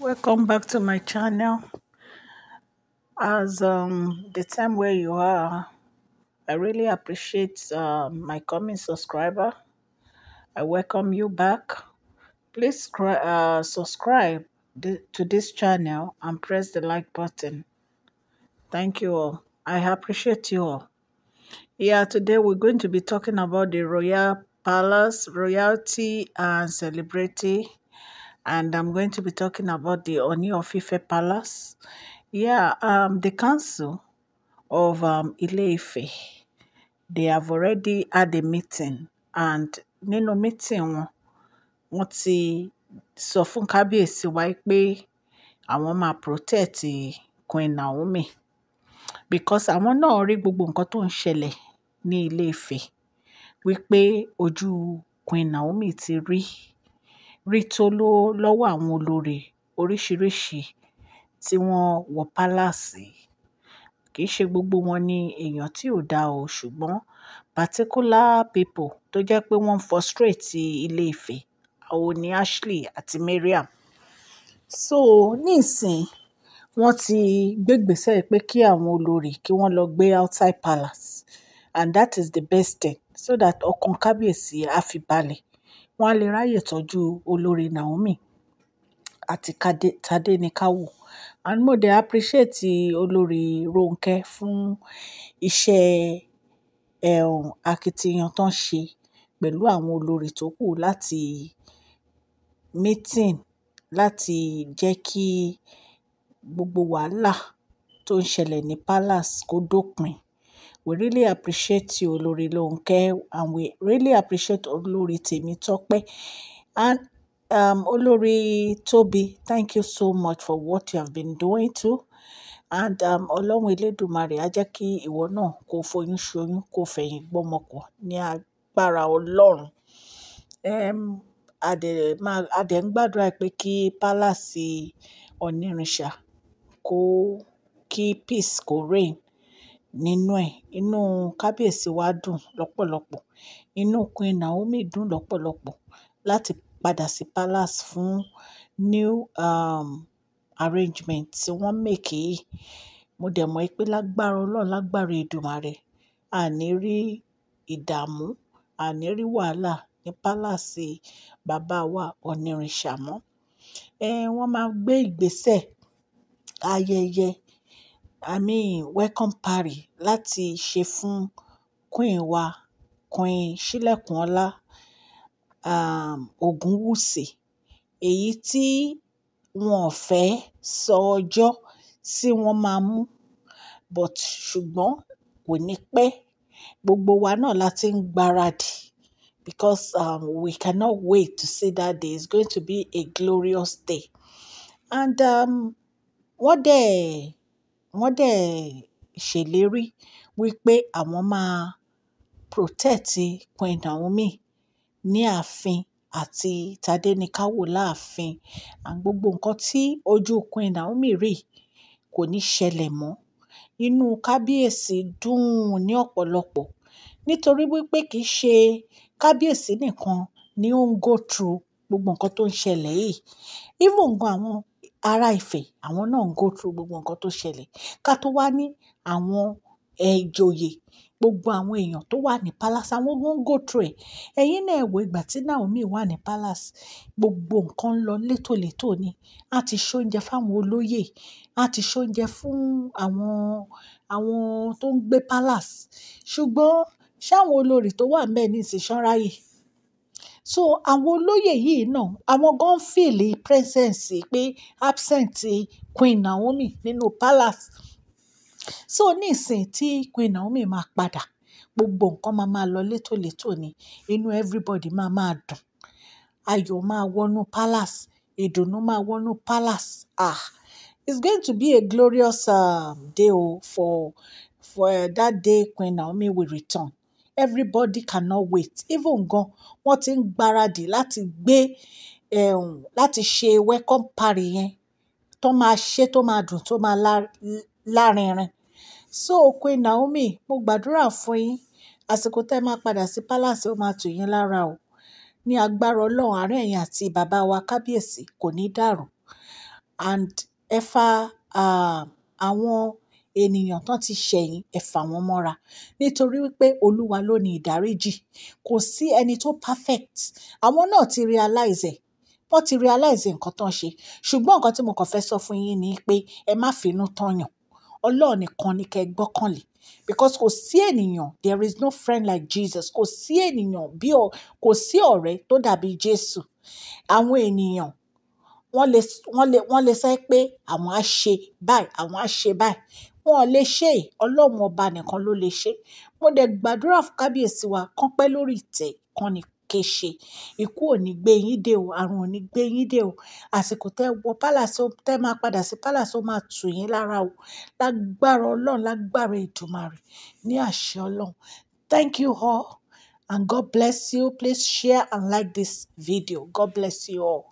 welcome back to my channel as um the time where you are i really appreciate uh, my coming subscriber i welcome you back please uh, subscribe to this channel and press the like button thank you all i appreciate you all yeah today we're going to be talking about the royal palace royalty and celebrity and I'm going to be talking about the Oni of Ife Palace. Yeah, um, the council of um, Ile-Ife, they have already had a meeting and Nino meeting what's wọ́n sọ fún kábíyèsí wa pé àwọn máa protect Queen Naomi because àwọn náà rí gbogbo nǹkan tó ṣẹlẹ̀ ní Ilé-Ifẹ̀ wípé ojú Queen Naomi ti rí rí tó ló lọ́wọ́ àwọn olórí oríṣiríṣi tí wọ́n wọ pálàsì. Kì í ṣe gbogbo wọn ni èèyàn tí ò da o, ṣùgbọ́n particular people tó jẹ́ pé wọ́n frustrate ilé Ifẹ̀, àwọn ni Ashley àti Mariam. So níìsín, wọ́n ti gbé ìgbésẹ̀ pé kí àwọn olórí kí wọ́n lọ gbé outside palace and that is the best thing so that ọkàn kábíyèsí á fi balẹ̀ wọ́n á lè ráyè tọ́jú olórí Naomi àti Tádéníkáwò. And mo dẹ̀ appreciate olórí Ronkẹ́ fún iṣẹ́ ẹ̀hún akitiyan tó ń ṣe pẹ̀lú àwọn olórí tó kù láti meeting láti jẹ́ kí gbogbo wàhálà tó ń ṣẹlẹ̀ ní palace kó dópin. We really appreciate you, Olori Lonke, and we really appreciate Olori Tokpe, And um, Olori Toby, thank you so much for what you have been doing too. and um, ọlọ́run elédùnmarè á jẹ́ kí ìwọ náà kó foyún ṣoyún kó fẹ̀yìn bomoko, ní para olon. um, adẹ̀ ń gbàdúrà pé kí pálásì ọ̀nìrìnṣà kó kí peace kó reign nínú ẹ̀. Inú kábíyèsí wa dùn lọ́pọ̀lọpọ̀, inú Queen Naomi dùn lọ́pọ̀lọpọ̀ láti padà sí palace fún new, um, arrangement tí wọ́n make yìí. Mo dẹ̀ mọ̀ pé lágbára Ọlọ́run, lágbára Èdùmàrè, a ní rí ìdààmú, a ní rí wàhálà ní palace bàbá wa Ọ̀nìrìnṣà mọ́. Ẹ̀, wọ́n máa gbé ìgbésẹ̀ ayẹyẹ I mean welcome party láti ṣe fún queen wa, Queen Ṣílẹ̀kùnọ́lá, um, Ògúnwùsì. Èyí tí wọn ò fẹ́ sọ ọjọ́ tí wọ́n máa mú, but ṣùgbọ́n kò ní pẹ́. Gbogbo wa náà la ti ń gbaradì because um, we cannot wait to see that day. It's going to be a glorious day. And um, wọ́n dẹ̀ wọ́n dẹ̀ ṣèlérí wípé àwọn máa protect Queen Naomi ní ààfin àti Tadenikawo láàfin. And gbogbo nǹkan tí ojú Queen Naomi rí kò ní ṣẹlẹ̀ mọ́. Inú kábíyèsí dùn ní ọ̀pọ̀lọpọ̀ nítorí wípé kì í ṣe kábíyèsí nìkan ni ó ń go through gbogbo nǹkan tó ń ṣẹlẹ̀ yìí. Even gan àwọn ará Ifẹ̀, àwọn náà ń go through gbogbo nǹkan tó ṣẹlẹ̀. Ká tó wá ní àwọn ìjòyè, gbogbo àwọn èèyàn tó wà ní palace, àwọn gan ń go through ẹ̀. Ẹ̀yin náà ẹ wò ìgbà tí Naomi wà ní palace, gbogbo nǹkan lọ létòlétò ni. A ti se oúnjẹ fún àwọn olóyè, a ti se oúnjẹ fún àwọn, àwọn tó ń gbé palace. Ṣùgbọ́n ṣé àwọn olórí tó wà níbẹ̀ nísìnyí ṣán ráyè? So àwọn olóyè yìí náà, àwọn gan feel presence pé absent Queen Naomi nínú palace. So nísìnyí tí Queen Naomi máa padà, gbogbo nǹkan máa máa lọ létòlétò ni, inú everybody máa máa dùn. Ayọ̀ máa wọnú palace, ìdùnnú máa wọnú palace. Ah! It's going to be a glorious um, day oh for, for uh, that day Queen Naomi will return everybody cannot wait even gan wọ́n ti ń gbaradì láti gbé um láti ṣe welcome party yẹn tó máa ṣe tó máa dùn tó máa lárinrin. So Queen Naomi mo gbàdúrà fún yín àsìkò tẹ́ máa padà sí palace ó máa tù yín lára o ní agbára Ọlọ́run àárín ẹ̀yin àti bàbá wa kábíyèsí kò ní dàrú and ẹ fa àwọn. Uh, ènìyàn tó ti ṣẹ̀yìn, ẹ fà wọ́n mọ́ra. Nítorí wípé Olúwa ló ni ìdáríjì. Kò sí ẹni tó perfect. Àwọn náà ti realize ẹ̀. Wọ́n ti realize nǹkan tó ń ṣe. Ṣùgbọ́n nǹkan tí mo kàn fẹ́ sọ fún yín ni pé ẹ má finú tán yàn. Ọlọ́run nìkan ni gbọ́kànlé. Because kò sí ènìyàn, there is no friend like Jesus. Kò sí ènìyàn bí ọ, kò sí ọ̀rẹ́ tó dàbí Jésù. Àwọn ènìyàn wọ́n lè wọ́n lè wọ́n lè sọ pé àwọn á ṣe báyìí àwọn á ṣe báyìí wọn ò lè ṣe é ọlọ́run ọba nìkan ló lè ṣe mo dẹ̀ gbàdúrà fún kábíyèsí wa kán pẹ́ lórí ìtẹ́ kan ní kéṣe ikú ò ní gbé yín dé o àrùn ò ní gbé yín dé o àsìkò tẹ́ wọ pálàsì tẹ́ máa padà sí pálàsì ó máa tù yín lára o lágbára ọlọ́run lágbára ìdùmarè ní àṣẹ ọlọ́run thank you all and God bless you please share and like this video God bless you all.